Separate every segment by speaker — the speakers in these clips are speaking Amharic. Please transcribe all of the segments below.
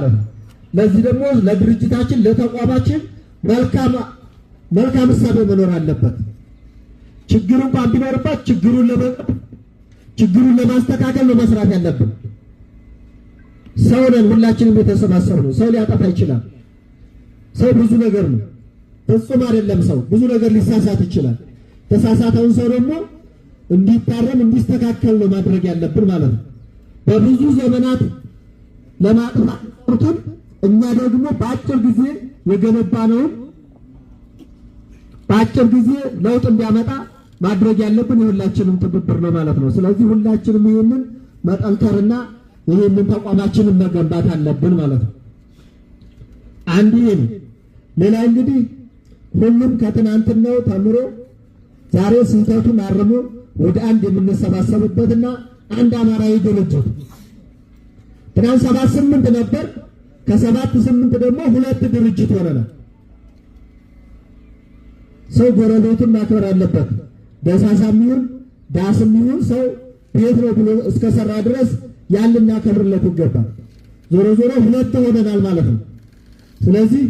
Speaker 1: ማለት ነው። ለዚህ ደግሞ ለድርጅታችን ለተቋማችን መልካም እሳቤ መኖር አለበት። ችግር እንኳን ቢኖርበት ችግሩን ለመቅረፍ ችግሩን ለማስተካከል ነው መስራት ያለብን። ሰው ነን፣ ሁላችንም የተሰባሰብ ነው። ሰው ሊያጠፋ ይችላል። ሰው ብዙ ነገር ነው፣ ፍጹም አይደለም። ሰው ብዙ ነገር ሊሳሳት ይችላል። ተሳሳተውን ሰው ደግሞ እንዲታረም እንዲስተካከል ነው ማድረግ ያለብን ማለት ነው። በብዙ ዘመናት ለማጥፋቱም እኛ ደግሞ በአጭር ጊዜ የገነባነውን በአጭር ጊዜ ለውጥ እንዲያመጣ ማድረግ ያለብን የሁላችንም ትብብር ነው ማለት ነው። ስለዚህ ሁላችንም ይህንን መጠንከርና ይህንን ተቋማችንን መገንባት አለብን ማለት ነው። አንድ ይህን ሌላ እንግዲህ ሁሉም ከትናንትናው ተምሮ ዛሬ ስህተቱን አርሞ ወደ አንድ የምንሰባሰብበትና አንድ አማራዊ ድርጅት ኪዳን ሰባት ስምንት ነበር። ከሰባት ስምንት ደግሞ ሁለት ድርጅት ሆነናል። ሰው ጎረቤቱን ማክበር አለበት። ደሳሳ ይሁን ሰው ቤት ነው ብሎ እስከሰራ ድረስ ያን ልናከብርለት ይገባል። ዞሮ ዞሮ ሁለት ሆነናል ማለት ነው። ስለዚህ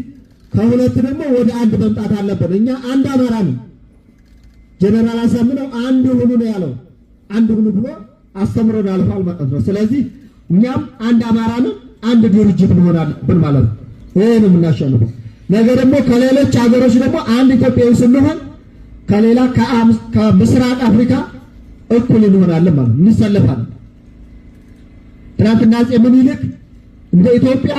Speaker 1: ከሁለት ደግሞ ወደ አንድ መምጣት አለበት። እኛ አንድ አማራ ነው። ጀነራል አሳምነው አንድ ሁኑ ነው ያለው። አንድ ሁኑ ብሎ አስተምሮናል ማለት ነው። ስለዚህ እኛም አንድ አማራ ነን፣ አንድ ድርጅት እንሆናለን ማለት ነው። ይህ ነው የምናሸንፈው። ነገ ደግሞ ከሌሎች ሀገሮች ደግሞ አንድ ኢትዮጵያዊ ስንሆን ከሌላ ከምስራቅ አፍሪካ እኩል እንሆናለን ማለት ነው። እንሰለፋለን። ትናንትና አፄ ምኒልክ እንደ ኢትዮጵያ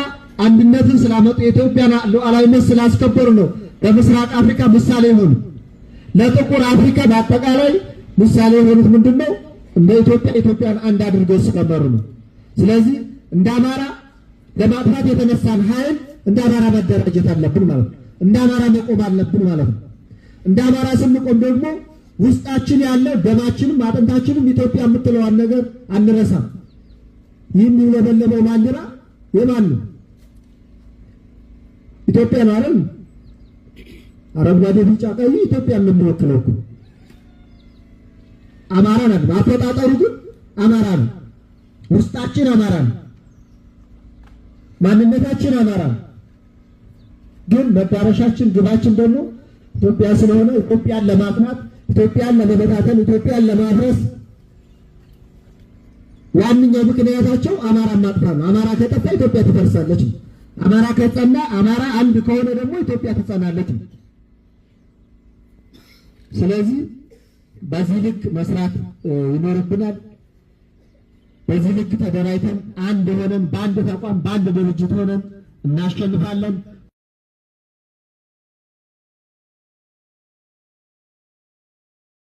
Speaker 1: አንድነትን ስላመጡ የኢትዮጵያን ሉዓላዊነት ስላስከበሩ ነው በምስራቅ አፍሪካ ምሳሌ የሆኑ ለጥቁር አፍሪካ በአጠቃላይ ምሳሌ የሆኑት ምንድን ነው? እንደ ኢትዮጵያ ኢትዮጵያን አንድ አድርገው ስለመሩ ነው። ስለዚህ እንደ አማራ ለማጥፋት የተነሳን ኃይል እንደ አማራ መደራጀት አለብን ማለት ነው። እንደ አማራ መቆም አለብን ማለት ነው። እንደ አማራ ስንቆም ደግሞ ውስጣችን ያለ ደማችንም አጥንታችንም ኢትዮጵያ የምትለዋን ነገር አንረሳም። ይህም የሚውለበለበው ባንዲራ የማን ነው? ኢትዮጵያ ነው አይደል? አረንጓዴ፣ ቢጫ፣ ቀይ ኢትዮጵያ የምንወክለው እኮ አማራ ነን። አፈጣጠሩ ግን አማራ ነው። ውስጣችን አማራ ነው። ማንነታችን አማራ ነው። ግን መዳረሻችን ግባችን ደግሞ ኢትዮጵያ ስለሆነ ኢትዮጵያን ለማጥማት፣ ኢትዮጵያን ለመበታተን፣ ኢትዮጵያን ለማፍረስ ዋነኛው ምክንያታቸው አማራ ማጥፋ ነው። አማራ ከጠፋ ኢትዮጵያ ትፈርሳለች። አማራ ከጸና፣ አማራ አንድ ከሆነ ደግሞ ኢትዮጵያ ትጸናለች። ስለዚህ በዚህ ልክ መስራት ይኖርብናል። በዚህ ልክ ተደራጅተን አንድ ሆነን በአንድ ተቋም በአንድ ድርጅት ሆነን እናሸንፋለን።